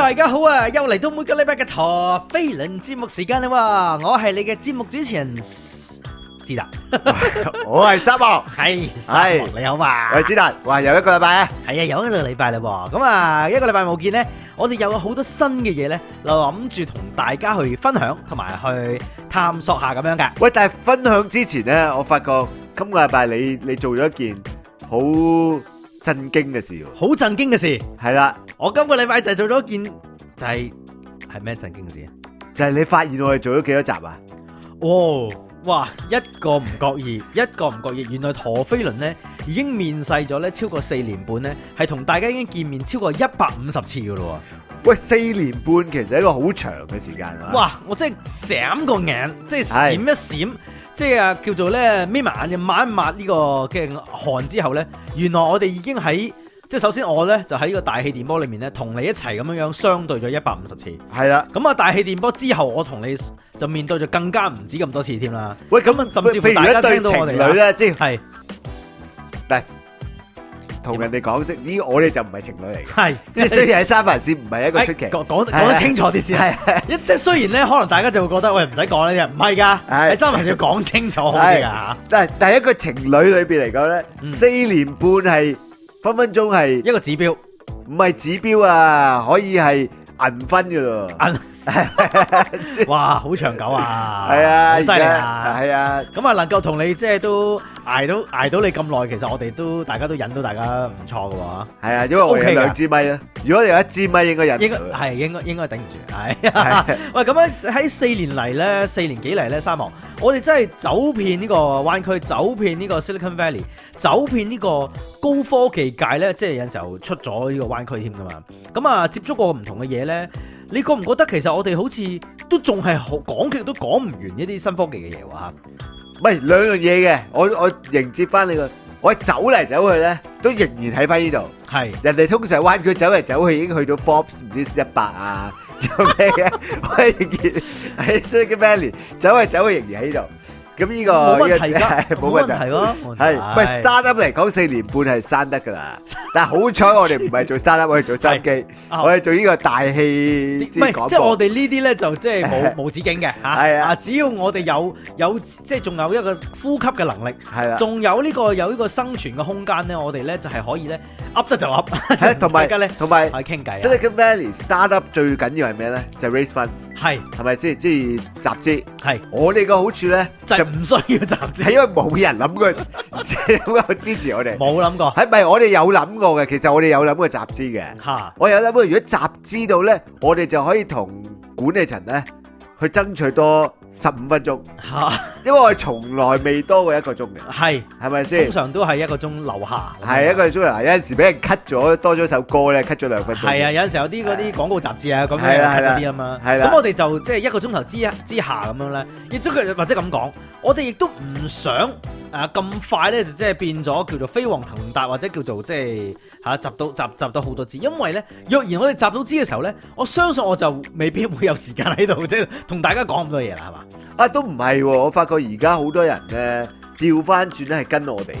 大家好啊！又嚟到每個禮拜嘅陀飛輪節目時間啦，我係你嘅節目主持人志達，我係沙漠，係沙漠，你好嘛？我係志達，哇又一個禮拜啊，係啊，又一個禮拜啦，咁啊一個禮拜冇見咧，我哋有好多新嘅嘢咧，諗住同大家去分享同埋去探索下咁樣㗎。喂，但係分享之前咧，我發覺今個禮拜你你做咗一件好。震驚嘅事，啊、事，好震驚嘅事，係啦！我今個禮拜就做咗一件，就係係咩震驚嘅事啊？就係你發現我哋做咗幾多集啊？哦，哇！一個唔覺意，一個唔覺意，原來陀飛輪呢已經面世咗呢超過四年半呢，係同大家已經見面超過一百五十次噶啦！喂，四年半其實係一個好長嘅時間啦！哇，我真係閃個眼，即係閃一閃。即係啊，叫做咧眯埋眼，抹一抹呢個嘅汗之後咧，原來我哋已經喺即係首先我咧就喺呢個大氣電波裏面咧同你一齊咁樣樣相對咗一百五十次，係啦的。咁啊，大氣電波之後我同你就面對咗更加唔止咁多次添啦。喂，咁啊，甚至乎大家聽到我哋情侶咧，即係是。同人哋講識，呢我哋就唔係情侶嚟。係，即雖然喺三藩市唔係一個出奇，講講得清楚啲先。係，一即雖然咧，可能大家就會覺得喂唔使講呢嘢，唔係㗎。喺三藩市要講清楚好啲㗎嚇。但係第一個情侶裏邊嚟講咧，四年半係分分鐘係一個指標，唔係指標啊，可以係銀分噶咯。 哇，好長久啊！係啊，犀利啊！係啊，咁啊，能夠同你即係、就是、都挨到挨到你咁耐，其實我哋都大家都忍到，大家唔錯嘅話，係啊，因為我有兩支咪啊。如果你有一支咪，應該應該係、啊、應該應該頂唔住。係、哎啊、 喂，咁樣喺四年嚟咧，四年幾嚟咧，三毛，我哋真係走遍呢個灣區，走遍呢個 Silicon Valley，走遍呢個高科技界咧，即係有陣時候出咗呢個灣區添噶嘛。咁啊，接觸過唔同嘅嘢咧。你覺唔覺得其實我哋好似都仲係講極都講唔完一啲新科技嘅嘢話吓？唔係兩樣嘢嘅，我我迎接翻你個，我走嚟走去咧都仍然睇翻呢度。係是人哋通常彎佢走嚟走去已經去到 Forbes 唔知一百啊，做咩嘅？歡迎，哎，呢個咩年？走嚟走去仍然喺呢度。咁呢個冇問題，冇問題咯，係，喂，startup 嚟講四年半係生得噶啦，但係好彩我哋唔係做 startup，我哋做新機，我哋做呢個大氣即係我哋呢啲咧就即係冇無止境嘅嚇，啊只要我哋有有即係仲有一個呼吸嘅能力係啦，仲有呢個有呢個生存嘅空間咧，我哋咧就係可以咧 up 得就 up，同埋而家咧同埋傾偈。Silicon Valley startup 最緊要係咩咧？就 raise funds 係係咪先？即係集資係。我哋嘅好處咧唔需要集資，係 因為冇人諗過，冇有 支持我哋。冇諗過，係咪我哋有諗過嘅？其實我哋有諗過集資嘅。嚇， 我有諗過，如果集資到咧，我哋就可以同管理層咧。去爭取多十五分鐘嚇， 因為我從來未多過一個鐘嘅，係係咪先？吧通常都係一個鐘留下，係是吧一個一鐘啊！有陣時俾人 cut 咗多咗首歌咧，cut 咗兩分鐘係啊！有陣時有啲啲廣告雜誌啊，咁樣 c 啲啊嘛，係啦、啊。咁、啊、我哋就即係一個鐘頭之之下咁樣咧，亦都或者咁講，我哋亦都唔想誒咁快咧，就即係變咗叫做飛黃騰達或者叫做即、就、係、是。啊！集到集集到好多字，因為咧，若然我哋集到字嘅時候咧，我相信我就未必會有時間喺度即係同大家講咁多嘢啦，係嘛？啊，都唔係、啊，我發覺而家好多人咧調翻轉咧係跟我哋。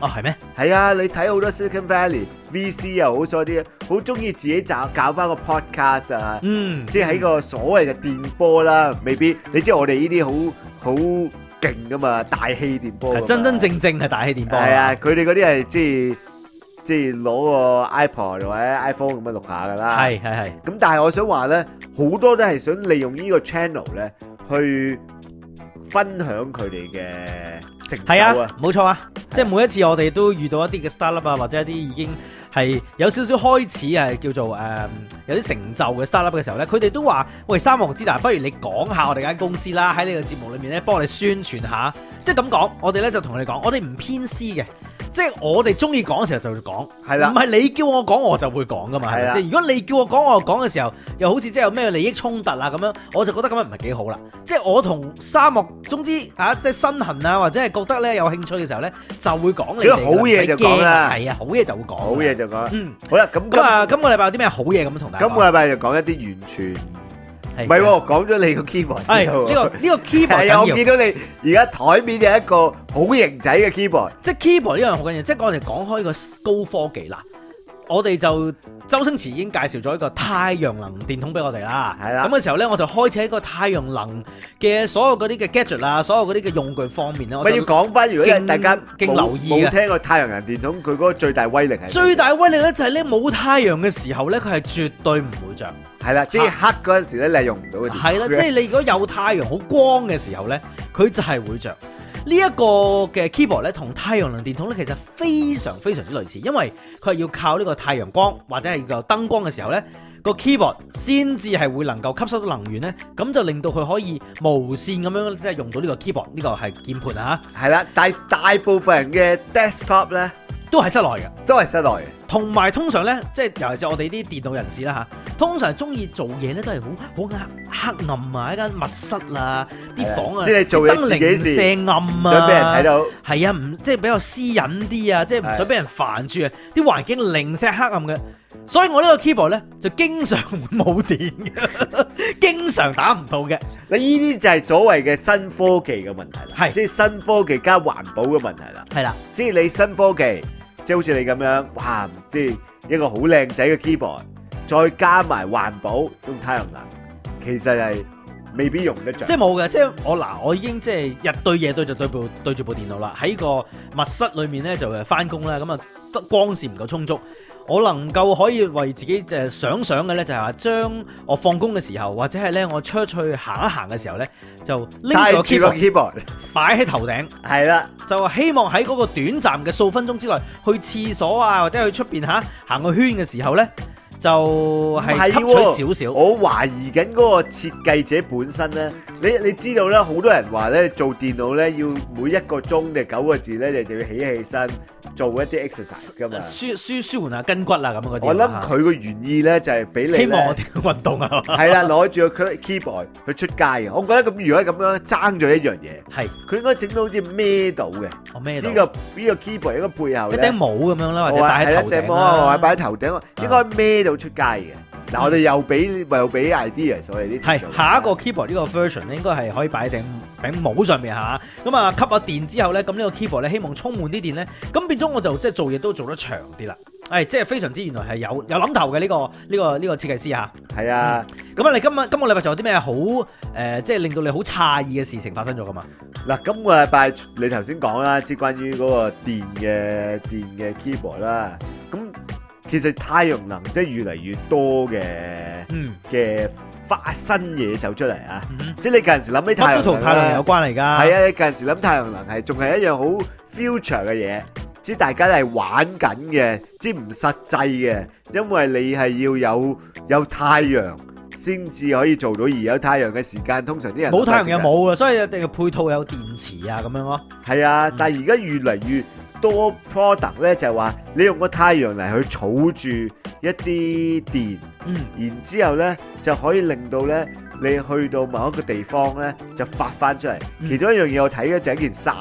哦，係咩？係啊，你睇好多 Silicon Valley VC 又好，所以啲好中意自己搞搞翻個 podcast 啊。嗯，即係喺個所謂嘅電波啦，未必。你知我哋呢啲好好勁噶嘛？大氣電波。真真正正係大氣電波。係啊，佢哋嗰啲係即係。即係攞個 iPod 或者 iPhone 咁樣錄下噶啦，係係係。咁但係我想話呢，好多都係想利用呢個 channel 呢去分享佢哋嘅成就，係啊，冇錯啊。是，啊即係每一次我哋都遇到一啲嘅 startup 啊，或者一啲已經係有少少開始係叫做誒、呃、有啲成就嘅 startup 嘅時候呢，佢哋都話：喂，三王之男，不如你講下我哋間公司啦，喺呢個節目裏面呢，幫我哋宣傳下。即係咁講，我哋呢就同佢哋講，我哋唔偏私嘅。即係我哋中意講嘅時候就會講，係啦，唔係你叫我講我就會講噶嘛，係啦。係啊即係如果你叫我講我講嘅時候，又好似即係有咩利益衝突啦啊咁樣，我就覺得咁樣唔係幾好啦。即係我同沙漠，總之啊，即係身痕啊，或者係覺得咧有興趣嘅時候咧，就會講嘅怕。好嘢就講啦，係啊，好嘢就會講，好嘢就講。嗯，好啦，咁咁啊，今個禮拜有啲咩好嘢咁同大家？今個禮拜就講一啲完全。唔係，講咗你個 keyboard 先。係，呢個 keyboard 我見到你而家台面有一個好型仔嘅 keyboard。即係 keyboard 呢樣好緊要，即係我哋講開個高科技啦。我哋就周星馳已經介紹咗一個太陽能電筒俾我哋啦，係啦，咁嘅時候咧，我就開始一個太陽能嘅所有嗰啲嘅 gadget 啊，所有嗰啲嘅用具方面咧。我要講翻，如果大家留意，冇聽過太陽能電筒，佢嗰個最大威力係咩？最大威力咧就係咧冇太陽嘅時候咧，佢係絕對唔會着。係啦，即係黑嗰陣時咧，你用唔到。係啦，即係你如果有太陽好光嘅時候咧，佢就係會着。呢一個嘅 keyboard 咧，同太陽能電筒咧，其實非常非常之類似，因為佢係要靠呢個太陽光或者係個燈光嘅時候咧，個 keyboard 先至係會能夠吸收到能源咧，咁就令到佢可以無線咁樣即係用到呢個 keyboard，呢個係鍵盤啊嚇。係啦，但係大，大部分人嘅 desktop 咧。都係室內嘅，都係室內嘅。同埋通常咧，即係尤其是我哋啲電腦人士啦嚇，通常中意做嘢咧都係好好黑黑暗埋一間密室啦，啲房啊，啲燈零舍暗啊，想俾人睇到。係啊，唔即係比較私隱啲啊，即係唔想俾人煩住啊，啲環境零舍黑暗嘅。所以我呢個 keyboard 咧就經常冇電嘅，經常打唔到嘅。你呢啲就係所謂嘅新科技嘅問題啦，係即係新科技加環保嘅問題啦，係啦，即係你新科技。即係好似你咁樣，哇！即係一個好靚仔嘅 keyboard，再加埋環保用太陽能，其實係未必用得着。即係冇嘅，即係我嗱，我已經即係日對夜對就對部對住部電腦啦，喺個密室裏面咧就翻工啦，咁啊光線唔夠充足，我能夠可以為自己誒想想嘅咧，就係話將我放工嘅時候，或者係咧我出去行一行嘅時候咧，就拎住個 keyboard 擺喺頭頂。係啦，就希望喺嗰個短暫嘅數分鐘之內，去廁所啊，或者去出邊嚇行個圈嘅時候咧，就係吸取少少。我懷疑緊嗰個設計者本身咧。你你知道咧，好多人話咧，做電腦咧要每一個鐘定九個字咧，就就要起起身做一啲 exercise 噶嘛，舒舒舒緩下筋骨啊咁啊嗰啲。我諗佢個原意咧就係俾你希望我哋運動啊？係啦，攞住個 key keyboard 去出街啊！我覺得咁如果咁樣爭咗一樣嘢，係佢應該整到好似孭到嘅，呢個呢個 keyboard 應該背後一頂帽咁樣啦，或者戴喺頭頂，或者戴喺頭頂，應該孭到出街嘅。嗱，嗯、我哋又俾、嗯、又俾 idea，所以啲係下一個 keyboard 呢個 version 咧，應該係可以擺喺頂頂帽上面。吓、啊，咁啊吸下電之後咧，咁、這、呢個 keyboard 咧希望充滿啲電咧，咁變咗我就即係、就是、做嘢都做得長啲啦，誒、哎，即、就、係、是、非常之原來係有有諗頭嘅呢個呢、這個呢、這個設計師吓，係啊，咁啊、嗯、你今日今個禮拜仲有啲咩好誒、呃，即係令到你好詫異嘅事情發生咗噶嘛？嗱，今個禮拜你頭先講啦，即係關於嗰個電嘅電嘅 keyboard 啦，咁。其實太陽能即係越嚟越多嘅嘅發新嘢走出嚟啊！嗯嗯、即係你嗰陣時諗起太陽同太陽有關嚟噶，係啊！你嗰陣時諗太陽能係仲係一樣好 future 嘅嘢，即係大家都係玩緊嘅，即係唔實際嘅，因為你係要有有太陽先至可以做到，而有太陽嘅時間通常啲人冇太陽又冇啊。所以一定要配套有電池啊咁樣咯、啊。係啊，但係而家越嚟越。嗯多 product 咧就係話，你用個太陽嚟去儲住一啲電，嗯、然之後咧就可以令到咧你去到某一個地方咧就發翻出嚟。嗯、其中一樣嘢我睇嘅就係件衫，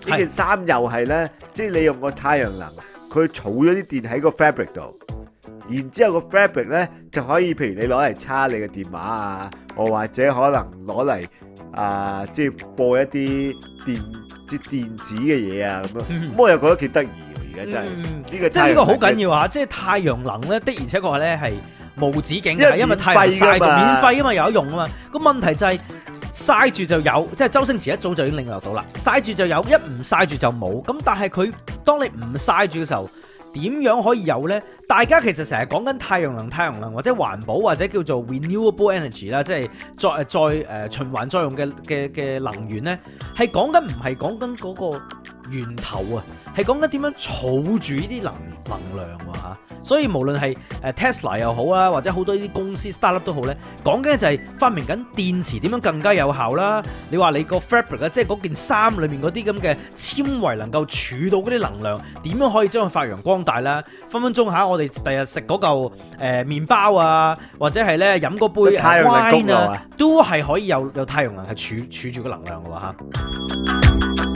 是件呢件衫又係咧，即係你用個太陽能，佢儲咗啲電喺個 fabric 度，然之後個 fabric 咧就可以，譬如你攞嚟叉你嘅電話啊，或或者可能攞嚟啊，即係播一啲電。接電子嘅嘢啊咁咯，不過、嗯、又覺得幾得意喎！而家真係，即係呢個好緊要啊！即係太陽能咧的，而且確咧係無止境，係因為太陽曬就免費啊嘛，有得用啊嘛。咁問題就係曬住就有，即係周星馳一早就已經領略到啦。曬住就有，一唔曬住就冇。咁但係佢當你唔曬住嘅時候。點樣可以有呢？大家其實成日講緊太陽能、太陽能或者環保或者叫做 renewable energy 啦，即係再再誒、呃、循環作用嘅嘅嘅能源，呢係講緊唔係講緊嗰個。源頭啊，係講緊點樣儲住呢啲能能量喎、啊、所以無論係誒 Tesla 又好啊，或者好多啲公司 startup 都好咧，講緊就係發明緊電池點樣更加有效啦。你話你個 fabric 啊，即係嗰件衫裏面嗰啲咁嘅纖維能夠儲到嗰啲能量，點樣可以將佢發揚光大啦？分分鐘吓、啊，我哋第日食嗰嚿誒麵包啊，或者係咧飲嗰杯、啊，都係可以有有太陽能係儲儲住個能量嘅喎、啊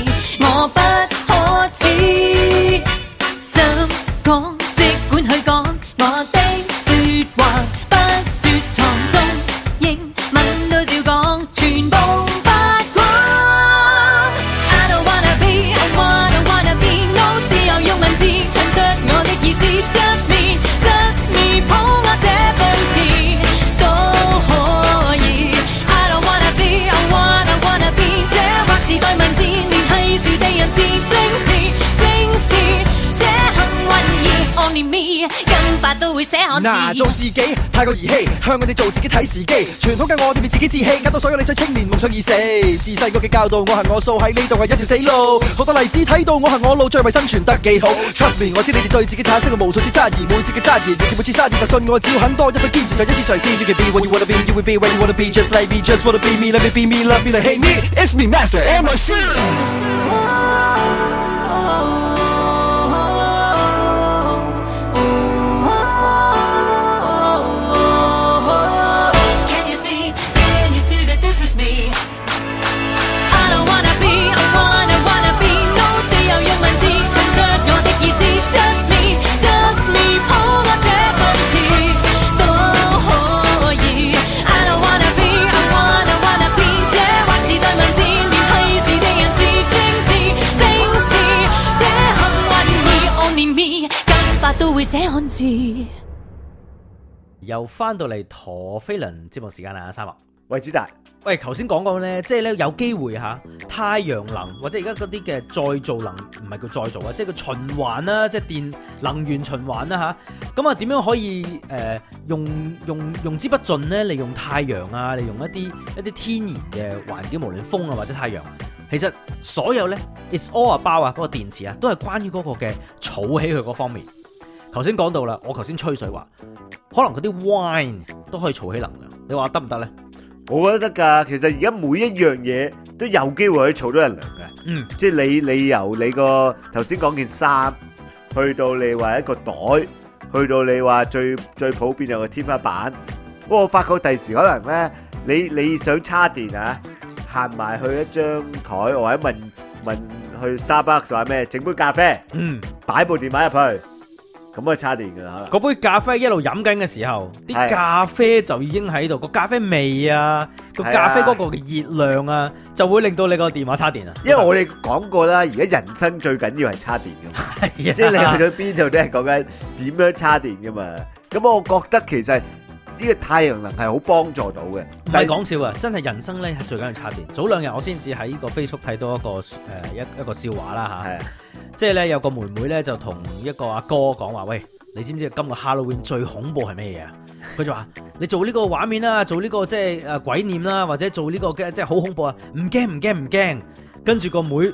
嗱，nah, 做自己太過兒戲，向我哋做自己睇時機，傳統嘅我對面自己自欺，搞到所有理想青年夢想已死。自細個嘅教導，我行我素喺呢度係一條死路。好多例子睇到我行我路，最為生存得幾好。Trust me，我知你哋對自己產生過無數次質疑，每次嘅質疑，直至每次質疑就信我，只要肯多一分堅持就一次成事。You can be where you wanna be, you will be where you wanna be, just like me, just wanna be me, let me be me, let me love me, like me. It's me, master, M C。又翻到嚟陀飛輪節目時間啦，三木，喂，子達，喂，頭先講講咧，即係咧有機會吓，太陽能或者而家嗰啲嘅再造能，唔係叫再造啊，即係個循環啦，即係電能源循環啦吓。咁啊，點樣可以誒、呃、用用用，用之不盡咧？利用太陽啊，利用一啲一啲天然嘅環境，無論風啊或者太陽，其實所有咧，It's all about 啊，嗰個電池啊，都係關於嗰個嘅儲起佢嗰方面。頭先講到啦，我頭先吹水話，可能嗰啲 wine 都可以儲起能量，你話得唔得咧？我覺得得噶，其實而家每一樣嘢都有機會可以儲到能量嘅。嗯，即係你你由你個頭先講件衫，去到你話一個袋，去到你話最最普遍有個天花板。不過我發覺第時可能咧，你你想叉電啊，行埋去一張台，或者問問去 Starbucks 話咩，整杯咖啡，嗯，擺部電話入去。咁啊，插電噶啦！嗰杯咖啡一路飲緊嘅時候，啲的咖啡就已經喺度，個咖啡味啊，個的咖啡嗰個嘅熱量啊，就會令到你個電話插電啊！因為我哋講過啦，而家人生最緊要係插電噶嘛，的即係你去到邊度都係講緊點樣插電噶嘛。咁的我覺得其實呢個太陽能係好幫助到嘅，唔係講笑啊！但真係人生咧係最緊要插電。早兩日我先至喺呢個 Facebook 睇到一個誒一一個笑話啦嚇。的即係咧，有個妹妹咧就同一個阿哥講話：喂，你知唔知今個 Halloween 最恐怖係咩嘢啊？佢就話：你做呢個畫面啦，做呢個即係誒鬼念啦，或者做呢個即係好恐怖啊！唔驚唔驚唔驚。跟住個妹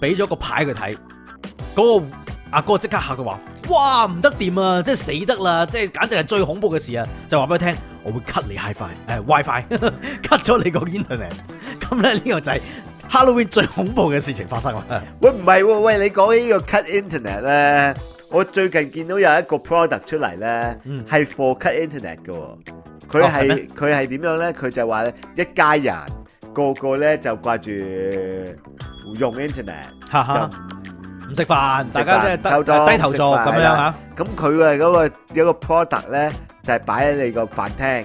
俾咗個牌佢睇，嗰個阿哥即刻吓佢話：哇，唔得掂啊！即係死得啦！即係簡直係最恐怖嘅事啊！就話俾佢聽，我會 cut 你 HiFi，誒 WiFi，cut 咗 你個 Internet。咁咧呢個就係。Halloween 最恐怖嘅事情發生喇！喂，唔係喎，喂，你講起呢個 cut internet 咧，我最近見到有一個 product 出嚟咧，係、嗯、for cut internet 嘅，佢係佢係點樣咧？佢就話一家人個個咧就掛住用 internet，哈哈，唔食飯，飯飯飯大家即係低低頭坐咁樣吓，咁佢嘅嗰個有一個 product 咧就係擺喺你個飯廳。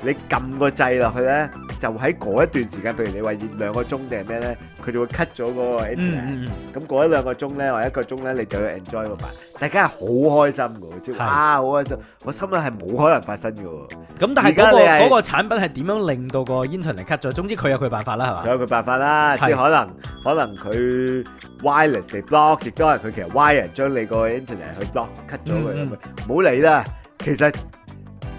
你撳個掣落去咧，就喺嗰一段時間，譬如你話二兩個鐘定係咩咧，佢就會 cut 咗嗰個 internet。咁過一兩個鐘咧，或一個鐘咧，你就要 enjoy 嗰塊。大家係好開心嘅，即係哇好開心。我心裏係冇可能發生嘅。咁但係嗰個嗰個產品係點樣令到個 internet 嚟 cut 咗？總之佢有佢辦法啦，係嘛？有佢辦法啦，即係可能可能佢 wireless 嚟 block，亦都係佢其實 wire 將你個 internet 去 block cut 咗佢。唔好理啦，其實。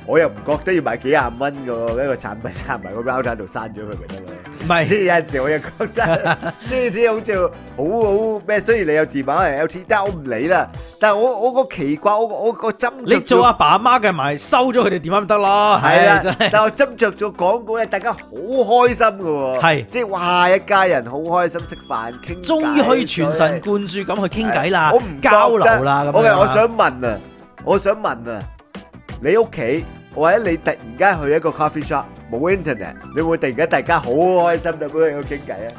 我又唔覺得要買幾廿蚊個一個產品，拉埋個 router 度刪咗佢咪得咯？唔係，即係有陣時我又覺得，即係好似好好咩。雖然你有電話係 LTE，但係我唔理啦。但係我我個奇怪，我我個針，你做阿爸阿媽嘅咪收咗佢哋電話咪得咯？係啊，但係我執著咗廣告咧，大家好開心㗎喎，係即哇一家人好開心食飯傾，終於可以全神貫注咁去傾偈啦，交流啦咁。O K，我想問啊，我想問啊，你屋企？或者你突然間去一個 coffee shop 冇 internet，你會突然間大家好開心，咁樣去傾偈啊？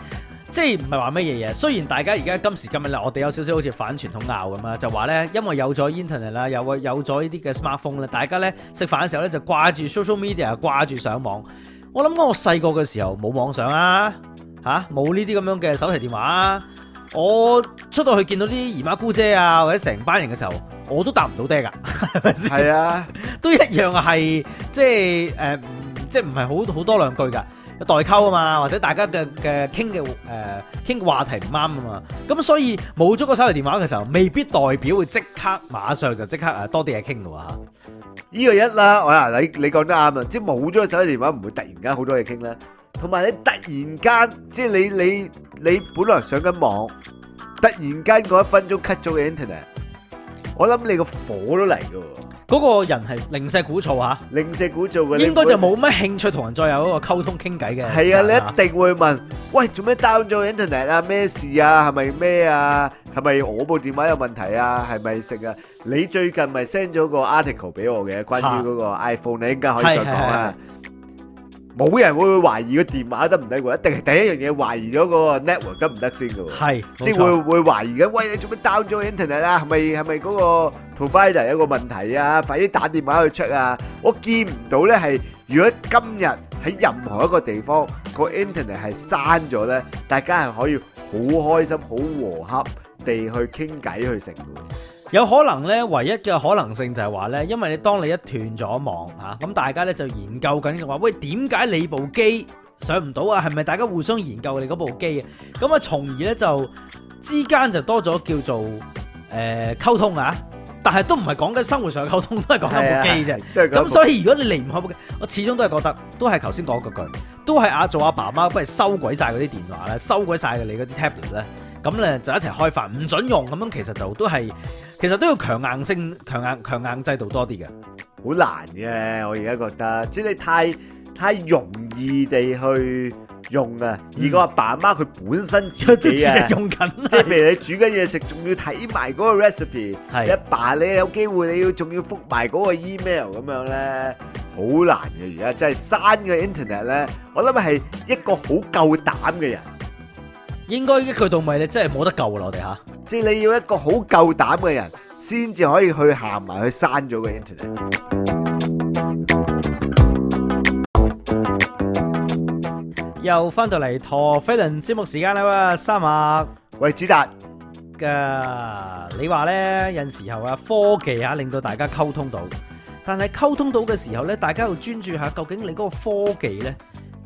即係唔係話乜嘢嘢？雖然大家而家今時今日啦，我哋有少少好似反傳統鬧咁啦，就話咧，因為有咗 internet 啦，有個有咗呢啲嘅 smartphone 啦，大家咧食飯嘅時候咧就掛住 social media，掛住上網。我諗我細個嘅時候冇網上啊，嚇冇呢啲咁樣嘅手提電話啊，我出到去見到啲姨媽姑姐啊，或者成班人嘅時候。我都答唔到爹噶，係是啊， 都一樣係，係即係誒，即係唔係好好多兩句噶代溝啊嘛，或者大家嘅嘅傾嘅誒傾嘅話題唔啱啊嘛，咁所以冇咗個手提電話嘅時候，未必代表會即刻馬上就即刻誒多啲嘢傾嘅喎呢，呢個一啦，我啊你你講得啱啊，即係冇咗個手提電話，唔會突然間好多嘢傾咧。同埋你突然間即係你你你本來上緊網，突然間嗰一分鐘 cut 咗嘅 internet。我諗你個火都嚟嘅，嗰個人係零舍鼓噪吓，零舍鼓噪嘅，應該就冇乜興趣同人再有一個溝通傾偈嘅。係啊，你一定會問，喂，做咩 down 咗 internet 啊？咩事啊？係咪咩啊？係咪我部電話有問題啊？係咪成啊？你最近咪 send 咗個 article 俾我嘅，關於嗰個 iPhone，、啊、你應該可以再講啊。冇人會懷疑個電話得唔得喎？一定係第一樣嘢懷疑咗個 network 得唔得先嘅喎？係，即係會會懷疑嘅。喂，你做咩 down 咗 internet 啊？係咪係咪嗰個 provider 有個問題啊？快啲打電話去 check 啊！我見唔到咧係，如果今日喺任何一個地方個 internet 係刪咗咧，大家係可以好開心、好和洽地去傾偈去食。有可能咧，唯一嘅可能性就係話咧，因為你當你一斷咗網吓，咁、啊、大家咧就研究緊嘅話，喂，點解你部機上唔到啊？係咪大家互相研究你嗰部機啊？咁、嗯、啊，從而咧就之間就多咗叫做誒、呃、溝通啊，但係都唔係講緊生活上嘅溝通，都係講緊部機啫。咁所以如果你離唔開部機，我始終都係覺得，都係頭先講嗰句，都係阿、啊、做阿爸媽不如收鬼晒嗰啲電話咧，收鬼晒嘅你嗰啲 tablet 咧。咁咧就一齊開飯，唔准用咁樣，其實就都係，其實都要強硬性、強硬、強硬制度多啲嘅。好難嘅，我而家覺得，即係你太太容易地去用啊。嗯、而果阿爸阿媽佢本身自己啊用緊 是的，即係譬如你煮緊嘢食，仲要睇埋嗰個 recipe。係一爸，你有機會你要，仲要覆埋嗰個 email 咁樣咧，好難嘅。而家真係刪嘅 internet 咧，我諗係一個好夠膽嘅人。應該啲渠道咪你真係冇得救啦，我哋吓。即係你要一個好夠膽嘅人，先至可以去行埋去刪咗嘅 Internet。又翻到嚟陀飛輪節目時間啦，哇！三啊，喂，子達噶、呃，你話咧，有陣時候啊，科技啊令到大家溝通到，但係溝通到嘅時候咧，大家要專注下究竟你嗰個科技咧。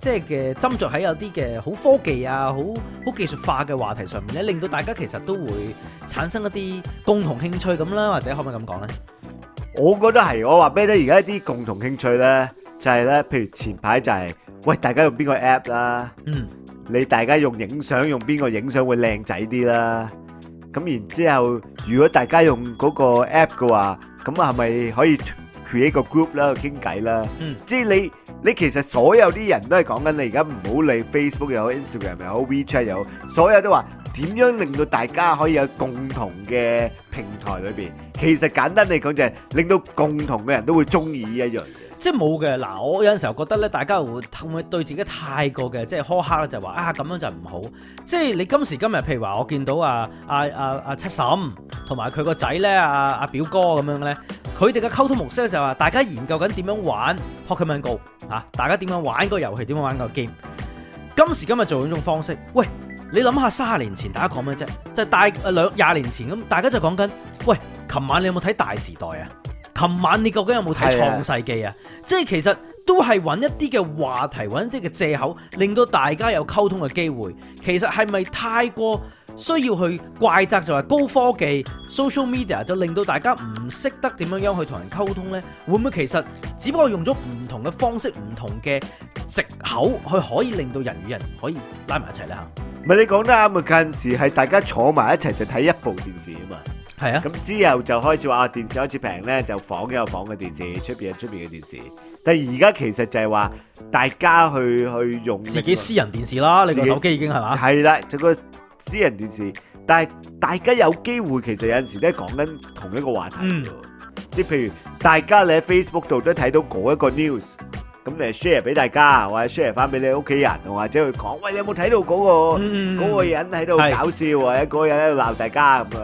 即係嘅，斟酌喺有啲嘅好科技啊，好好技術化嘅話題上面咧，令到大家其實都會產生一啲共同興趣咁啦，或者可唔可以咁講咧？我覺得係，我話俾你聽，而家一啲共同興趣咧，就係咧，譬如前排就係，喂，大家用邊個 app 啦？嗯，你大家用影相用邊個影相會靚仔啲啦？咁然之後，如果大家用嗰個 app 嘅話，咁係咪可以？create 個 group 啦，傾偈啦，即係你你其實所有啲人都係講緊你而家唔好理 Facebook 又好 Instagram 又好 WeChat 又好，所有都話點樣令到大家可以有共同嘅平台裏邊。其實簡單嚟講就係令到共同嘅人都會中意一樣即係冇嘅，嗱，我有陣時候覺得咧，大家會會對自己太過嘅即係苛刻咧，就話啊咁樣就唔好。即係你今時今日，譬如話我見到啊啊啊啊啊七嬸同埋佢個仔咧，阿阿表哥咁樣咧，佢哋嘅溝通模式咧就話，大家研究緊點樣玩 Pokemon Go 吓、啊，大家點樣玩個遊戲，點樣玩個 game。今時今日做呢種方式，喂，你諗下卅年前大家講咩啫？就係、大兩廿年前咁，大家就講緊，喂，琴晚你有冇睇《大時代》啊？琴晚你究竟有冇睇《創世紀》啊？是的 即係其實都係揾一啲嘅話題，揾一啲嘅借口，令到大家有溝通嘅機會。其實係咪太過需要去怪責就係、是、高科技、social media 就令到大家唔識得點樣樣去同人溝通呢？會唔會其實只不過用咗唔同嘅方式、唔同嘅借口去可以令到人與人可以拉埋一齊呢？吓，唔係你講得啱啊！近時係大家坐埋一齊就睇一部電視啊嘛。係啊，咁之後就開始話啊，電視開始平咧，就房有房嘅電視，出邊有出邊嘅電視。但而家其實就係話，大家去去用、那個，自己私人電視啦，己你部手機已經係嘛？係啦，就是、個私人電視。但係大家有機會，其實有陣時都係講緊同一個話題。即係、嗯、譬如大家你喺 Facebook 度都睇到嗰一個 news，咁你 share 俾大家，或者 share 翻俾你屋企人，或者去講，喂，你有冇睇到嗰、那個嗰、嗯、個人喺度搞笑啊？嗰是個人喺度鬧大家咁樣。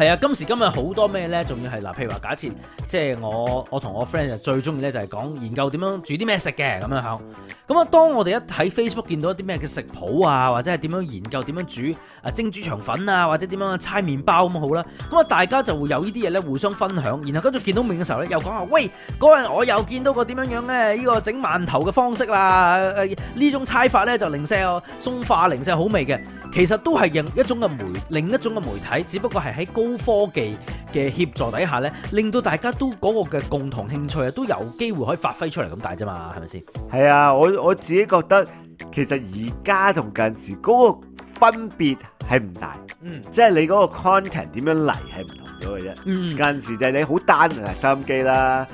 係啊，今時今日好多咩呢？仲要係嗱，譬如話，假設即係我我同我 friend 最中意呢，就係、是、講研究點樣煮啲咩食嘅咁樣響。咁啊，當我哋一睇 Facebook 見到啲咩嘅食譜啊，或者係點樣研究點樣煮啊蒸豬腸粉啊，或者點樣搓麵包咁好啦。咁啊，大家就會有呢啲嘢呢互相分享，然後跟住見到面嘅時候呢，又講話，喂，嗰日我又見到個點樣樣呢，呢、這個整饅頭嘅方式啦，呢、啊、種搓法呢，就零舍鬆化零舍好味嘅。其實都係一一種嘅媒體，另一種嘅媒體，只不過係喺高科技嘅協助底下咧，令到大家都嗰個嘅共同興趣啊，都有機會可以發揮出嚟咁大啫嘛，係咪先？係啊，我我自己覺得其實而家同近時嗰個分別係唔大，嗯，即係你嗰個 content 點樣嚟係唔同咗嘅啫，嗯，近時就係你好單啊收音機啦，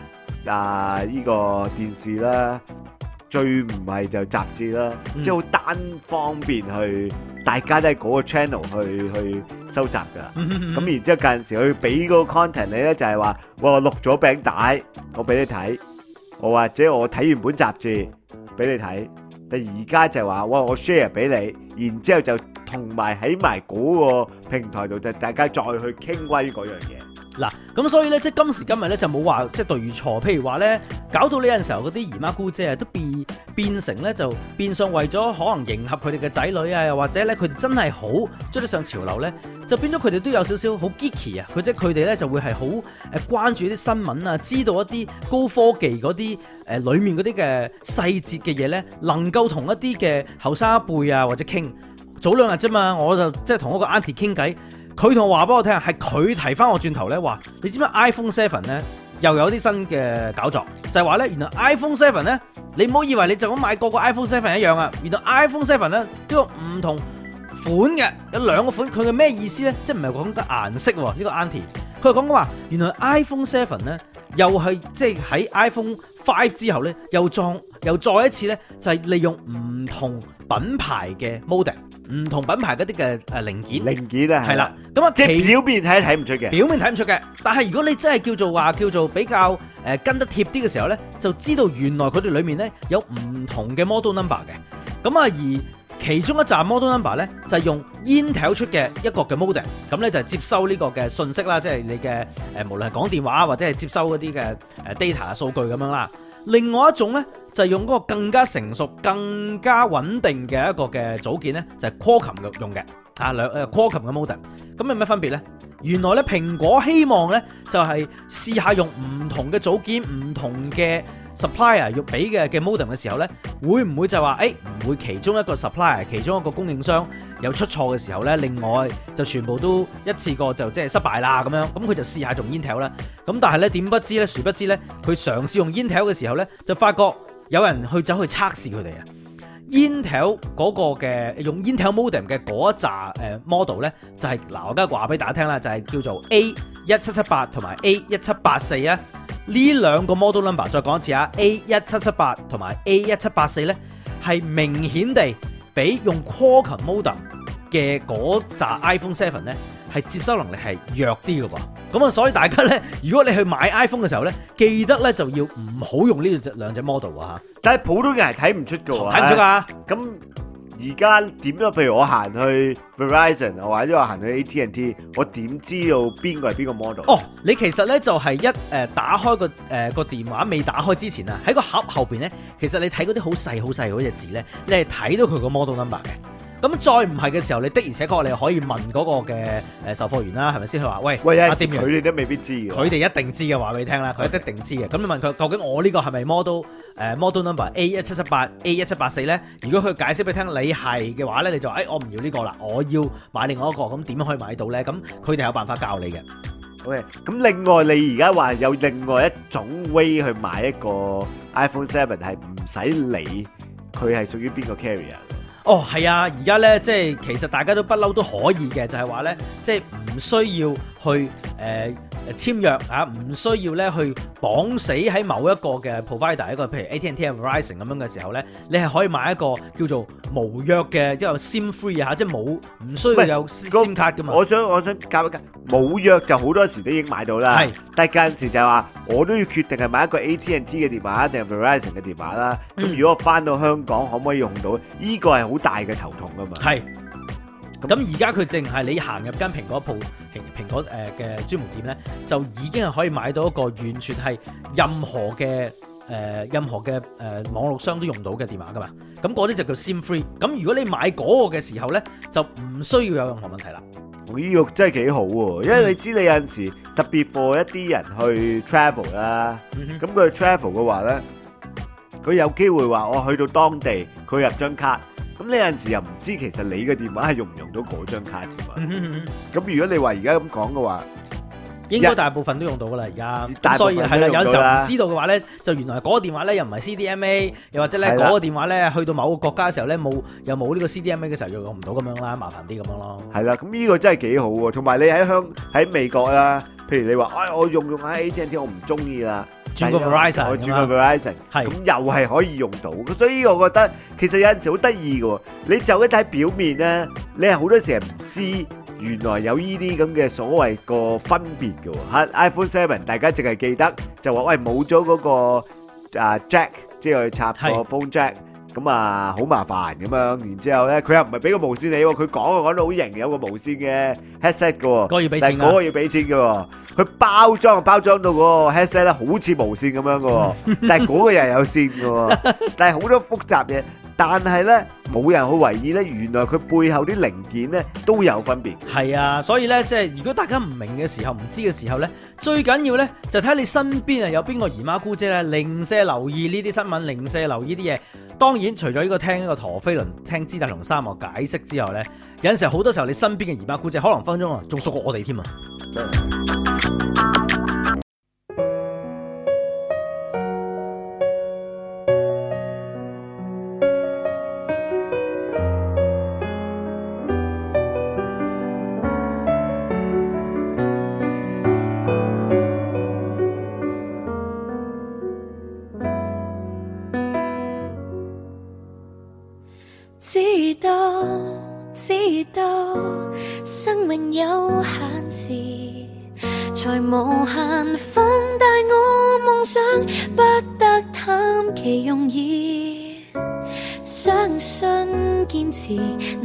啊呢個電視啦，最唔係就是雜誌啦，嗯、即係好單方面去。大家都喺嗰 channel 去去收集㗎，咁 然之後有陣時佢俾嗰 content 你咧，就係話，喂，我錄咗餅帶，我俾你睇，我或者我睇完本雜誌俾你睇，但而家就係話，喂，我 share 俾你，然之後就同埋喺埋個平台度，就大家再去傾關於樣嘢。嗱，咁、啊、所以呢，即係今時今日呢，就冇話即係對與錯。譬如話呢，搞到呢陣時候嗰啲姨媽姑姐啊，都變變成呢，就變相為咗可能迎合佢哋嘅仔女啊，又或者呢，佢哋真係好追得上潮流呢，就變咗佢哋都有少少好 geeky 啊，或者佢哋呢，就會係好誒關注啲新聞啊，知道一啲高科技嗰啲誒裡面嗰啲嘅細節嘅嘢呢，能夠同一啲嘅後生一輩啊，或者傾早兩日啫嘛，我就即係同嗰個 aunty 傾偈。佢同我話俾我聽，係佢提翻我轉頭呢。話你知唔知 iPhone Seven 咧又有啲新嘅搞作，就係話呢。原來 iPhone Seven 咧，你唔好以為你就咁買個個 iPhone Seven 一樣啊，原來 iPhone Seven 咧都有唔同款嘅，有兩個款，佢嘅咩意思呢？即係唔係講得顏色喎？呢、呢個 Aunty 佢講嘅話，原來 iPhone Seven 咧又係即係、就、喺、是、iPhone Five 之後呢，又撞又再一次呢，就係、是、利用唔同品牌嘅 model。唔同品牌嗰啲嘅誒零件，零件啊係啦，咁啊即係表面睇睇唔出嘅，表面睇唔出嘅。但係如果你真係叫做話叫做比較誒跟得貼啲嘅時候咧，就知道原來佢哋裏面咧有唔同嘅 model number 嘅。咁啊，而其中一盞 model number 咧就係、是、用 Intel 出嘅一個嘅 model 咁咧就係接收呢個嘅信息啦，即係你嘅誒無論係講電話或者係接收嗰啲嘅誒 data 數據咁樣啦。另外一種咧。就係用嗰個更加成熟、更加穩定嘅一個嘅組件呢，就係 Qualcomm 嘅用嘅啊兩誒 Qualcomm 嘅 modem。咁有咩分別呢？原來咧，蘋果希望呢，就係、是、試下用唔同嘅組件、唔同嘅 supplier 要俾嘅嘅 modem 嘅時候呢，會唔會就係話誒唔會其中一個 supplier、其中一個供應商有出錯嘅時候呢，另外就全部都一次過就即係失敗啦咁樣。咁佢就試下用 Intel 啦。咁但係呢，點不知呢？殊不知呢，佢嘗試用 Intel 嘅時候呢，就發覺。有人去走去測試佢哋啊！Intel 嗰個嘅用 Intel modem 嘅嗰一紮誒 model 呢，就係、是、嗱，我而家話俾大家聽啦，就係、是、叫做 A 一七七八同埋 A 一七八四啊！呢兩個 model number 再講一次啊，A 一七七八同埋 A 一七八四呢，係明顯地比用 Qualcomm modem 嘅嗰扎 iPhone Seven 咧。係接收能力係弱啲嘅噃，咁啊，所以大家咧，如果你去買 iPhone 嘅時候咧，記得咧就要唔好用呢隻兩隻 model 啊吓。但係普通人係睇唔出嘅喎。睇唔出啊！咁而家點啊？譬如我行去 Verizon，我或者我行去 AT&T，我點知道邊個係邊個 model？哦，你其實咧就係一誒打開個誒、呃、個電話未打開之前啊，喺個盒後邊咧，其實你睇嗰啲好細好細嗰隻字咧，你係睇到佢個 model number 嘅。咁再唔係嘅時候，你的而且確你可以問嗰個嘅誒售貨員啦，係咪先佢話喂？佢哋都未必知，佢哋一定知嘅話俾你聽啦，佢一定知嘅。咁你問佢究竟我呢個係咪 model 誒 model number A 一七七八 A 一七八四咧？如果佢解釋俾你聽你係嘅話咧，你就誒我唔要呢個啦，我要買另外一個，咁點樣可以買到咧？咁佢哋有辦法教你嘅。OK，咁另外你而家話有另外一種 way 去買一個 iPhone 7係唔使理佢係屬於邊個 carrier。哦，係啊，而家咧，即係其實大家都不嬲都可以嘅，就係話咧，即係唔需要去誒。呃簽約嚇唔需要咧去綁死喺某一個嘅 provider，一個譬如 AT&T 同 Verizon 咁樣嘅時候咧，你係可以買一個叫做無約嘅，即係 sim free 嚇，即係冇唔需要有 sim 卡噶嘛。我想我想夾一夾無約就好多時都已經買到啦。係，但係嗰陣時就係話我都要決定係買一個 AT&T 嘅電話定係 Verizon 嘅電話啦。咁如果我翻到香港可唔可以用到？呢個係好大嘅頭痛㗎嘛。係。咁而家佢淨係你行入間蘋果鋪蘋蘋果誒嘅專門店咧，就已經係可以買到一個完全係任何嘅誒、呃、任何嘅誒、呃、網絡商都用到嘅電話㗎嘛。咁嗰啲就叫 SIM free。咁如果你買嗰個嘅時候咧，就唔需要有任何問題啦。呢個真係幾好喎，因為你知你有陣時特別 for 一啲人去 travel 啦。咁佢 travel 嘅話咧，佢有機會話我去到當地，佢入張卡。咁呢陣時又唔知，其實你嘅電話係用唔用到嗰張卡嘅嘛？咁、嗯嗯嗯、如果你話而家咁講嘅話，應該大部分都用到噶啦，而家。嗯、所以係啦，有時候唔知道嘅話咧，就原來嗰個電話咧又唔係 CDMA，又或者咧嗰個電話咧去到某個國家嘅時候咧冇，又冇呢個 CDMA 嘅時候又用唔到咁樣啦，麻煩啲咁樣咯、嗯。係啦，咁呢個真係幾好喎，同埋你喺香喺美國啊，譬如你話，哎，我用用喺 AT&T 我唔中意啦。轉個 priser，轉個 priser，咁又係可以用到。所以依個我覺得，其實有陣時好得意嘅。你就一睇表面咧，你係好多時係唔知原來有依啲咁嘅所謂個分別嘅。吓，iPhone Seven，大家淨係記得就話喂，冇咗嗰個啊 Jack，即係插個 phone jack。咁啊，好麻煩咁樣，然之後咧，佢又唔係俾個無線你，佢講啊講到好型，有個無線嘅 headset 嘅，但係嗰個要俾錢嘅，佢包裝啊包裝到個 headset 咧好似無線咁樣嘅，但係嗰個又係有線嘅，但係好多複雜嘢。但係呢，冇人去留意呢。原來佢背後啲零件呢都有分別。係啊，所以呢，即係如果大家唔明嘅時候，唔知嘅時候呢，最緊要呢，就睇你身邊啊有邊個姨媽姑姐呢，零舍留意呢啲新聞，零舍留意啲嘢。當然，除咗呢個聽呢個陀飛輪，聽知達同三鰻解釋之後呢，有時候好多時候你身邊嘅姨媽姑姐可能分分鐘啊仲熟過我哋添啊！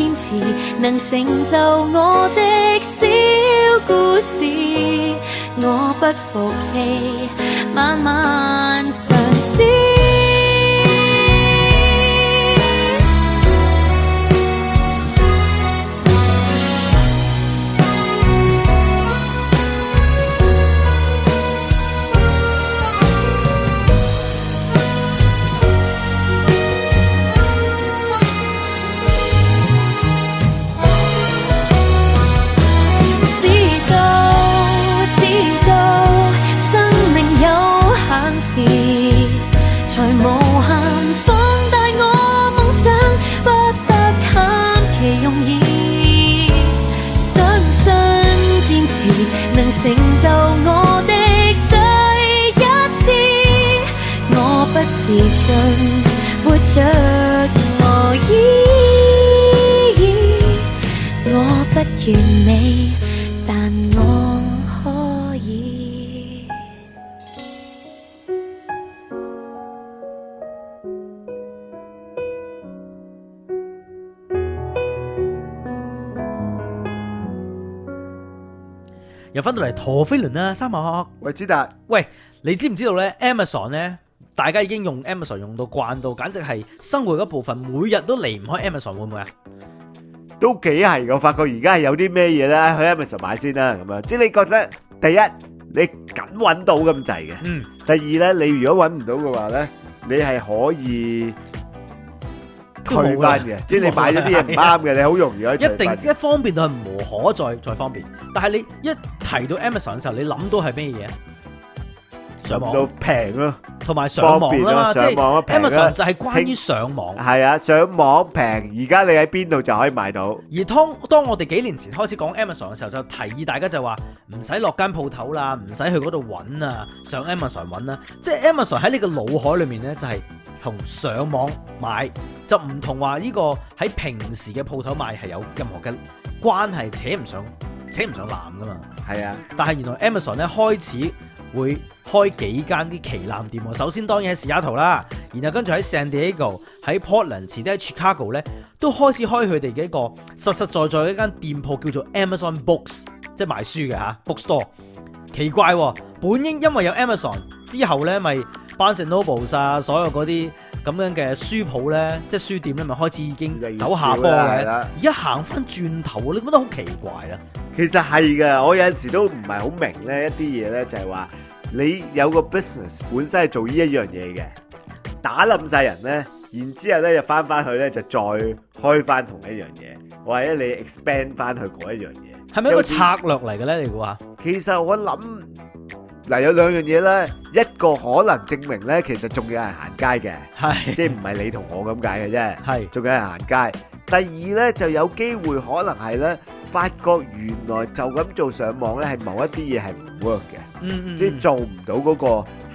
堅持能成就我的小故事，我不服氣，慢慢嘗試。自信活著我依然，我不完美，但我可以。 又翻到嚟陀飛輪啊，三木學學。喂，知達，喂，你知唔知道咧？Amazon 咧？大家已經用 Amazon 用到慣到，簡直係生活嘅部分，每日都離唔開 Amazon，會唔會啊？都幾係，我發覺而家係有啲咩嘢啦去 Amazon 買先啦，咁啊，即係你覺得第一你緊揾到咁滯嘅，嗯，第二咧，你如果揾唔到嘅話咧，你係可以退返嘅，即係你買咗啲嘢唔啱嘅，你好容易一定一方便到係無可再再方便，但係你一提到 Amazon 嘅時候，你諗到係咩嘢？上到平咯，同埋方便啦，上網啊平啦，Amazon 就係關於上網，係啊上網平，而家你喺邊度就可以買到。而當當我哋幾年前開始講 Amazon 嘅時候，就提議大家就話唔使落間鋪頭啦，唔使去嗰度揾啊，上 Amazon 揾啦。即係 Amazon 喺你個腦海裏面咧，就係、是、同上網買就唔同，話呢個喺平時嘅鋪頭買係有任何嘅關係，扯唔上。請唔上男噶嘛？係啊！但係原來 Amazon 咧開始會開幾間啲旗艦店喎。首先當然係西雅圖啦，然後跟住喺 San Diego、喺 Portland，遲啲 Chicago 咧都開始開佢哋嘅一個實實在在嘅一間店鋪，叫做 Amazon Books，即係賣書嘅吓、啊、Bookstore 奇怪、啊，本應因為有 Amazon 之後咧，咪 Barnes & Noble 曬所有嗰啲。咁樣嘅書鋪咧，即係書店咧，咪開始已經走下坡嘅。而家行翻轉頭，你覺得好奇怪呀。其實係㗎，我有陣時都唔係好明咧，一啲嘢咧，就係話你有個 business 本身係做呢一樣嘢嘅，打冧晒人咧，然之後咧又翻翻去咧就再開翻同一樣嘢，或者你 expand 翻去嗰一樣嘢，係咪一個策略嚟嘅咧？你估下？其實我諗。嗱，有兩樣嘢咧，一個可能證明咧，其實仲有人行街嘅，即係唔係你同我咁解嘅啫。係仲有人行街。第二咧，就有機會可能係咧，發覺原來就咁做上網咧，係某一啲嘢係唔 work 嘅，即係做唔到嗰個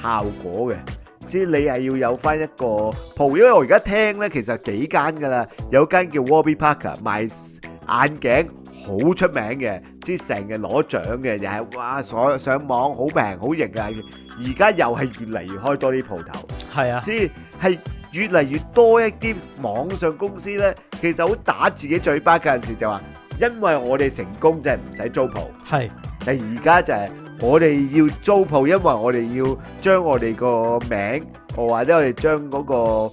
效果嘅。即係你係要有返一個鋪，因為我而家聽咧，其實幾間㗎喇，有間叫 Warby Parker 賣眼鏡。好出名嘅，即係成日攞獎嘅，又係哇上上網好平好型呀，而家又係越嚟越開多啲鋪頭。係啊，即係越嚟越多一啲網上公司呢，其實好打自己嘴巴，嗰陣時就話，因為我哋成功就係唔使租鋪。係，但而家就係我哋要租鋪，因為我哋要將我哋個名，或或者我哋將嗰個。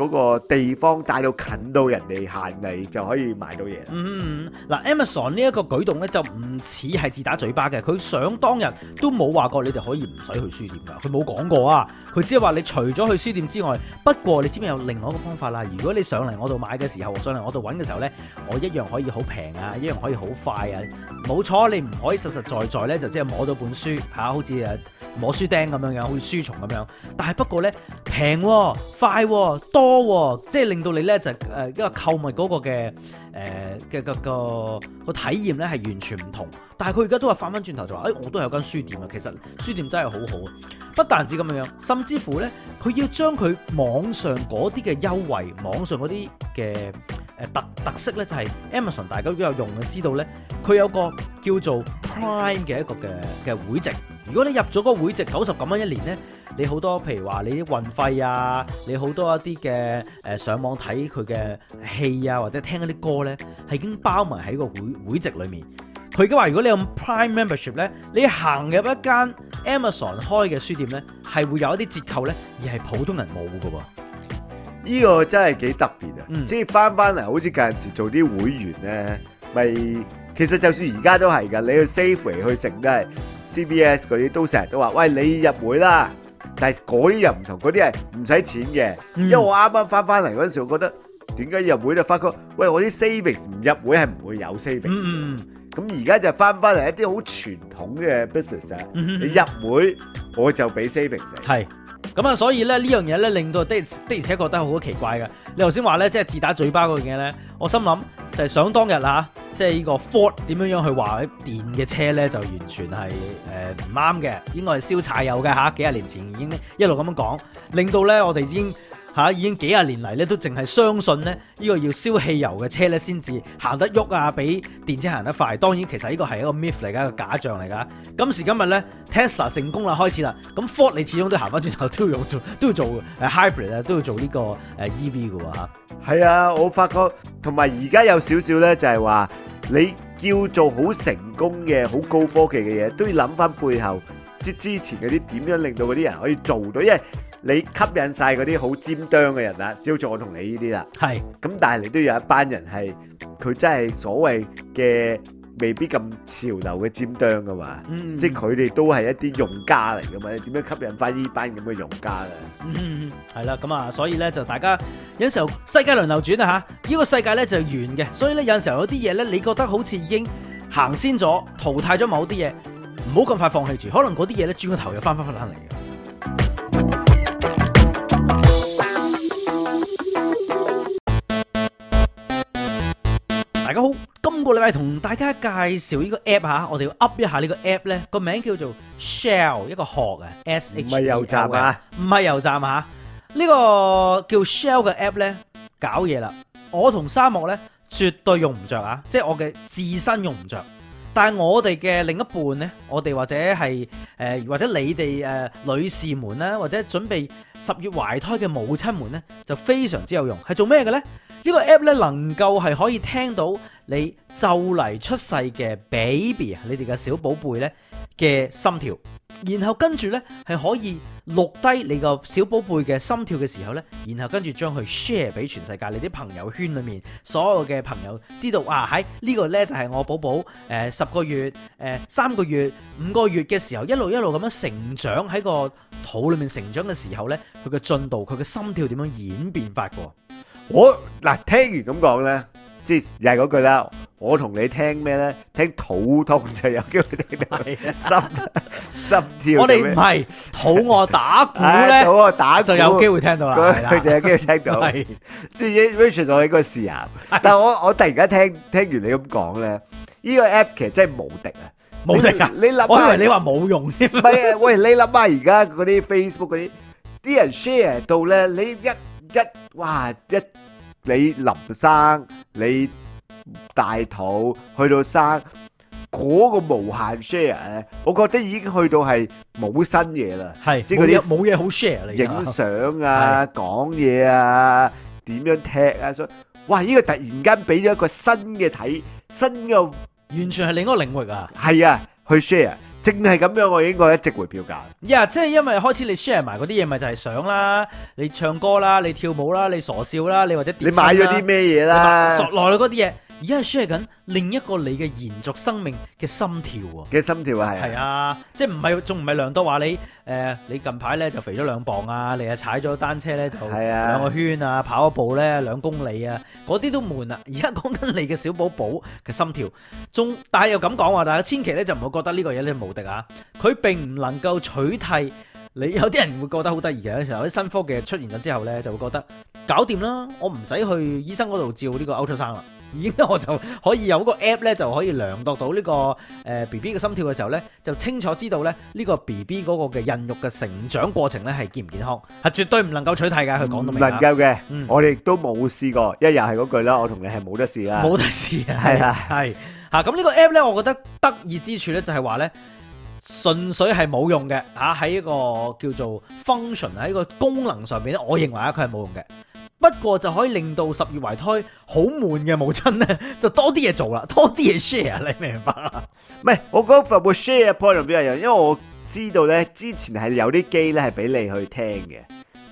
嗰個地方帶到近到人哋行嚟就可以買到嘢。嗯，嗱，Amazon 呢一個舉動呢，就唔似係自打嘴巴嘅，佢想當日都冇話過你哋可以唔使去書店㗎，佢冇講過啊。佢只係話你除咗去書店之外，不過你知唔知有另外一個方法啦？如果你上嚟我度買嘅時候，上嚟我度揾嘅時候呢，我一樣可以好平啊，一樣可以好快啊。冇錯，你唔可以實實在在呢，就即係摸到本書嚇，好似誒摸書釘咁樣樣，好似書蟲咁樣。但係不過呢，平、快、多。多、哦、即係令到你呢，就誒、是，一、呃、個購物嗰個嘅誒嘅個個個體驗呢係完全唔同。但係佢而家都話翻翻轉頭就話，誒、哎，我都有間書店啊。其實書店真係好好，啊，不但止咁樣樣，甚至乎呢，佢要將佢網上嗰啲嘅優惠，網上嗰啲嘅。誒，特特色咧，就係 Amazon 大家都有用就知道咧，佢有個叫做 Prime 嘅一個嘅嘅會籍。如果你入咗嗰會籍九十九蚊一年咧，你好多譬如話你啲運費啊，你好多一啲嘅誒上網睇佢嘅戲啊，或者聽一啲歌咧，係已經包埋喺個會會籍裏面。佢而家話如果你有 Prime Membership 咧，你行入一間 Amazon 開嘅書店咧，係會有一啲折扣咧，而係普通人冇㗎喎。呢個真係幾特別啊！嗯、即係翻翻嚟，好似嗰陣時做啲會員咧，咪其實就算而家都係噶。你去 Savings 去食都係 C B S 嗰啲，都成日都話：喂，你入會啦！但係嗰啲又唔同，嗰啲係唔使錢嘅。嗯、因為我啱啱翻翻嚟嗰陣時，我覺得點解入會就發覺喂，我啲 Savings 唔入會係唔會有 Savings。咁而家就翻翻嚟一啲好傳統嘅 business 啊、嗯！嗯、你入會我就俾 Savings 食。係。咁啊，所以咧呢樣嘢咧，令到的的而且覺得好奇怪嘅。你頭先話咧，即係自打嘴巴嗰樣嘢咧，我心諗就係、是、想當日啦吓、啊，即係呢個 Ford 點樣樣去話電嘅車咧，就完全係誒唔啱嘅，應該係燒柴油嘅吓、啊，幾廿年前已經一路咁樣講，令到咧我哋已經。吓，已經幾廿年嚟咧都淨係相信咧呢個要燒汽油嘅車咧先至行得喐啊，比電車行得快。當然，其實呢個係一個 myth 嚟噶，一個假象嚟噶。今時今日咧，Tesla 成功啦，開始啦。咁 Ford 你始終都行翻轉頭都要做，都要做誒、啊、hybrid 咧，都要做呢個誒 EV 噶喎。係啊，我發覺同埋而家有少少咧，就係話你叫做好成功嘅好高科技嘅嘢，都要諗翻背後即之前嗰啲點樣令到嗰啲人可以做到，因為。你吸引晒嗰啲好尖端嘅人啦，只要我同你呢啲啦，係咁是，但係你都有一班人係佢真係所謂嘅未必咁潮流嘅尖端噶嘛，嗯、即係佢哋都係一啲用家嚟噶嘛，點樣吸引翻呢班咁嘅用家咧？係啦、嗯，咁啊，所以咧就大家有陣時候世界輪流轉啊嚇，呢、呢個世界咧就係圓嘅，所以咧有陣時候有啲嘢咧，你覺得好似已經行先咗淘汰咗某啲嘢，唔好咁快放棄住，可能嗰啲嘢咧轉個頭又翻翻翻嚟。大家好，今個禮拜同大家介紹呢個 app 吓，我哋要 up 一下呢個 app 呢個名叫做 Shell，一個殼嘅，S、H、E、L、L。唔係油站啊，唔係油站吓，呢、呢個叫 Shell 嘅 app 呢搞嘢啦。我同沙漠呢，絕對用唔着啊，即係我嘅自身用唔着。但係我哋嘅另一半咧，我哋或者係誒、呃、或者你哋誒、呃、女士們啦，或者準備十月懷胎嘅母親們咧，就非常之有用，係做咩嘅咧？呢、呢個 app 咧能夠係可以聽到你就嚟出世嘅 baby 啊，你哋嘅小寶貝咧，嘅心跳，然後跟住呢係可以錄低你個小寶貝嘅心跳嘅時候呢，然後跟住將佢 share 俾全世界你啲朋友圈裏面所有嘅朋友知道，啊，喺、這、呢個呢就係、是、我寶寶誒十個月、誒、呃、三個月、五個月嘅時候，一路一路咁樣成長喺個肚裏面成長嘅時候呢，佢嘅進度、佢嘅心跳點樣演變法噶，我嗱聽完咁講呢。即係又係嗰句啦，我同你聽咩咧？聽肚痛就有機會聽到你，心心跳。我哋唔係肚餓打鼓咧，肚餓打就有機會聽到啦。佢就有機會聽到。即係 research 咗呢個事啊！但係我我突然間聽聽完你咁講咧，呢個 app 其實真係無敵啊！無敵啊！你諗，我以為你話冇用添。喂，你諗下而家嗰啲 Facebook 嗰啲，啲人 share 到咧，你一一哇一！你林生，你大肚去到生，嗰、那個無限 share，我覺得已經去到係冇新嘢啦。係是，即係佢哋冇嘢好 share 嚟。影相啊，講嘢的啊，點樣踢啊，所以，哇！呢、這個突然間俾咗一個新嘅睇，新嘅完全係另一個領域啊。係啊，去 share。正係咁樣，我應該一直回票價。呀，yeah, 即係因為開始你 share 埋嗰啲嘢，咪就係、是、相啦，你唱歌啦，你跳舞啦，你傻笑啦，你或者你買咗啲咩嘢啦，傻耐啦嗰啲嘢。而家係 share 緊另一個你嘅延續生命嘅心跳，心跳啊！嘅心跳係係啊，即係唔係仲唔係量度話你誒、呃？你近排咧就肥咗兩磅啊，你啊踩咗單車咧就兩個圈啊，跑咗步咧兩公里啊，嗰啲都悶啊。而家講緊你嘅小寶寶嘅心跳，仲但係又咁講話，大家千祈咧就唔好覺得呢個嘢咧無敵啊！佢並唔能夠取替。你有啲人會覺得好得意嘅，有時候啲新科技出現咗之後呢，就會覺得搞掂啦，我唔使去醫生嗰度照呢個 Ultra Sound 啦，已經我就可以有個 app 呢，就可以量度到呢、呢個誒 B B 嘅心跳嘅時候呢，就清楚知道呢呢個 B B 嗰個嘅孕育嘅成長過程呢係健唔健康，係絕對唔能夠取替嘅。佢講到明。唔能夠嘅，嗯、我哋都冇試過，一日係嗰句啦。我同你係冇得試啦，冇得試啊，係啊，係嚇嗎。咁呢個 app 呢，我覺得得意之處呢就係話呢。純粹係冇用嘅吓，喺一個叫做 function 喺一個功能上面咧，我認為啊佢係冇用嘅。不過就可以令到十月懷胎好悶嘅母親咧，就多啲嘢做啦，多啲嘢 share，你明白啦？唔係，我覺得份 share point 俾阿人，因為我知道咧之前係有啲機咧係俾你去聽嘅，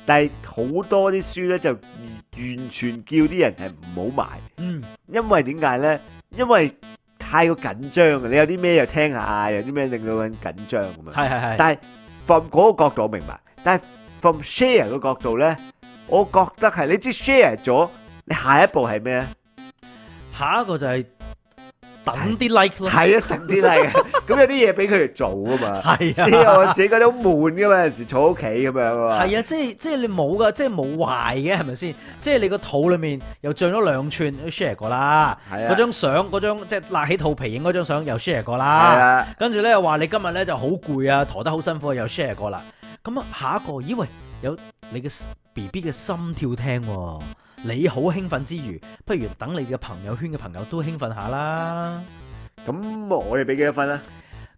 但係好多啲書咧就完全叫啲人係唔好買。嗯，因為點解咧？因為。太過緊張你有啲咩又聽下，有啲咩令到緊緊張咁啊？係係係。但係 from 嗰個角度我明白，但係 from share 個角度咧，我覺得係你知 share 咗，你下一步係咩？下一個就係、是。等啲 like 係、like、啊， 等啲 like。咁有啲嘢俾佢哋做啊嘛， 的所以我自己覺得好悶噶嘛，有陣時坐屋企咁樣啊。係啊，即係即係你冇噶，即係冇壞嘅，係咪先？即係你個肚裏面又漲咗兩寸，share 過啦。係啊是的。嗰張相，嗰張即係辣起肚皮影嗰張相又 share 過啦。係啊是的。跟住咧又話你今日咧就好攰啊，駝得好辛苦又 share 過啦。咁啊，下一個，咦？喂，有你嘅 BB 嘅心跳聽喎。你好興奮之餘，不如等你嘅朋友圈嘅朋友都興奮下啦。咁我哋俾幾多分啊？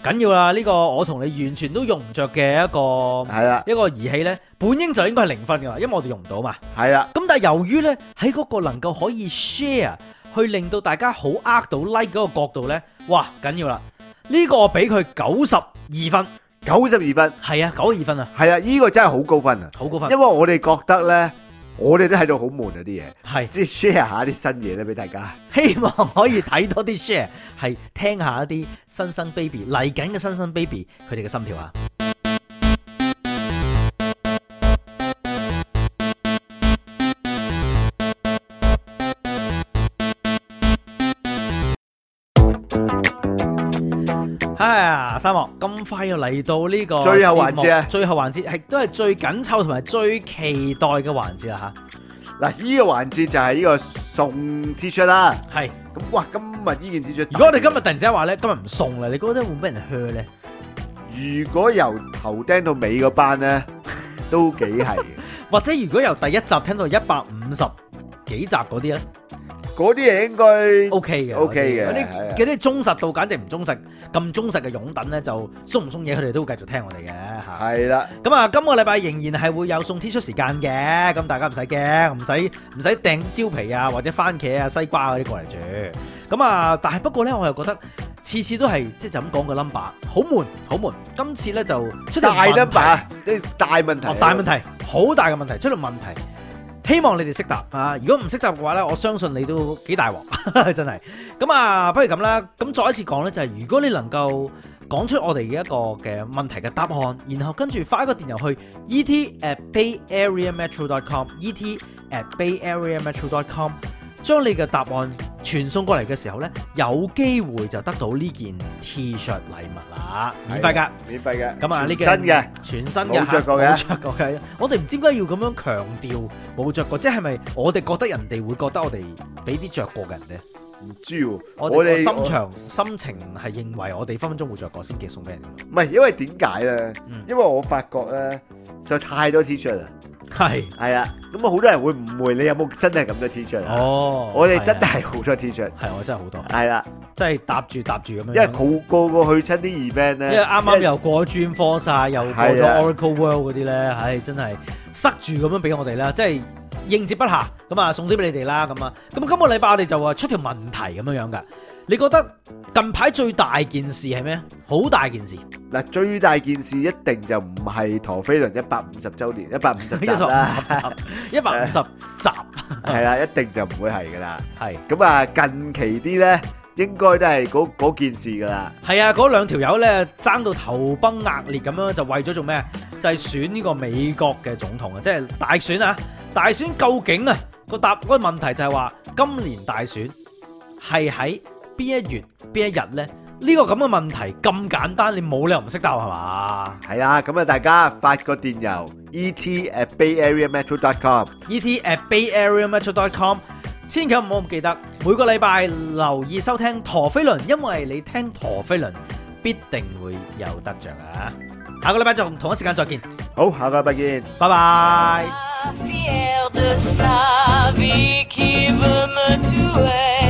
緊要啦，呢個我同你完全都用唔着嘅一個係啦，是的 一個儀器呢本應就應該係零分噶，因為我哋用唔到嘛。係啦，咁但係由於呢，喺嗰個能夠可以 share 去令到大家好呃到 like 嗰個角度呢，哇，緊要啦，呢個俾佢九十二分，九十二分，係啊，九十二分啊，係啊，呢個真係好高分啊，好高分，高分，因為我哋覺得呢。我哋都喺度好悶啊，啲嘢，係即係 share 下啲新嘢咧俾大家，希望可以睇多啲 share，係聽下一啲新生 baby 嚟緊嘅新生 baby 佢哋嘅心跳啊！哎呀，三毛咁快又嚟到呢個節最後環節，最後環節係都係最緊湊同埋最期待嘅環節啦吓。嗱，呢個環節就係呢個送 T 恤啦。係咁是哇，今日呢件 T 恤，如果我哋今日突然之間話咧，今日唔送啦，你覺得會唔會俾人去咧？如果由頭聽到尾嗰班咧，都幾係。 或者如果由第一集聽到一百五十幾集嗰啲咧？嗰啲嘢應該 OK 嘅，OK 嘅。嗰啲啲忠實度簡直唔忠實，咁忠實嘅擁躉咧就鬆唔鬆嘢，佢哋都會繼續聽我哋嘅嚇。係啦，咁啊，今個禮拜仍然係會有送 T 恤時間嘅，咁大家唔使驚，唔使唔使掟蕉皮啊或者番茄啊西瓜嗰啲過嚟煮。咁啊，但係不過咧，我又覺得次次都係即係就咁講個 number 好悶好悶。今次咧就出大 number，即係大問題。大問題，好大嘅問題，出到問題。希望你哋識答嚇，如果唔識答嘅話咧，我相信你都幾大鑊，真係。咁啊，不如咁啦，咁再一次講呢，就係、是、如果你能夠講出我哋嘅一個嘅問題嘅答案，然後跟住發一個電郵去 et@bayareametro.com，et@bayareametro.com。Bay area metro. Com, et bay area metro. Com, 將你嘅答案傳送過嚟嘅時候咧，有機會就得到呢件 T 恤禮物啦，免費噶，免費噶，咁啊呢件新嘅，全新嘅，冇着過嘅，冇着過嘅。我哋唔知點解要咁樣強調冇着過，即係咪我哋覺得人哋會覺得我哋俾啲着過嘅人咧？唔知我我，我哋心腸心情係認為我哋分分鐘會着過先寄送俾人嘅。唔係，因為點解咧？嗯、因為我發覺咧，就太多 T 恤啦。係係啊，咁啊好多人會誤會你有冇真係咁多 T 恤哦，我哋真係好的多 T 恤，係我真係好多，係啦的，的真係搭住搭住咁樣，因為好個個去親啲 event 咧，因為啱啱又過咗專科晒，又過咗 Oracle World 嗰啲咧，唉，的真係塞住咁樣俾我哋啦，即係應接不暇，咁啊送啲俾你哋啦，咁啊，咁今個禮拜我哋就話出條問題咁樣樣噶。你覺得近排最大件事係咩？好大件事嗱，最大件事一定就唔係陀飛輪一百五十周年，一百五十集 集，一百五十集係啦、 啊，一定就唔會係噶啦。係咁啊，近期啲呢應該都係嗰件事噶啦。係啊，嗰兩條友呢爭到頭崩額裂咁樣，就為咗做咩？就係、是、選呢個美國嘅總統啊，即、就、係、是、大選啊！大選究竟啊、嗰個答、嗰個問題就係話，今年大選係喺。邊一月邊一日咧？呢個咁嘅問題咁簡單，你冇理由唔識答係嘛？係啊，咁啊大家發個電郵 et@bayareametro.com，et@bayareametro.com，千祈唔好唔記得。每個禮拜留意收聽陀飛輪，因為你聽陀飛輪必定會有得着啊！下個禮拜仲同，同一時間再見。好，下個禮拜見，拜拜 bye。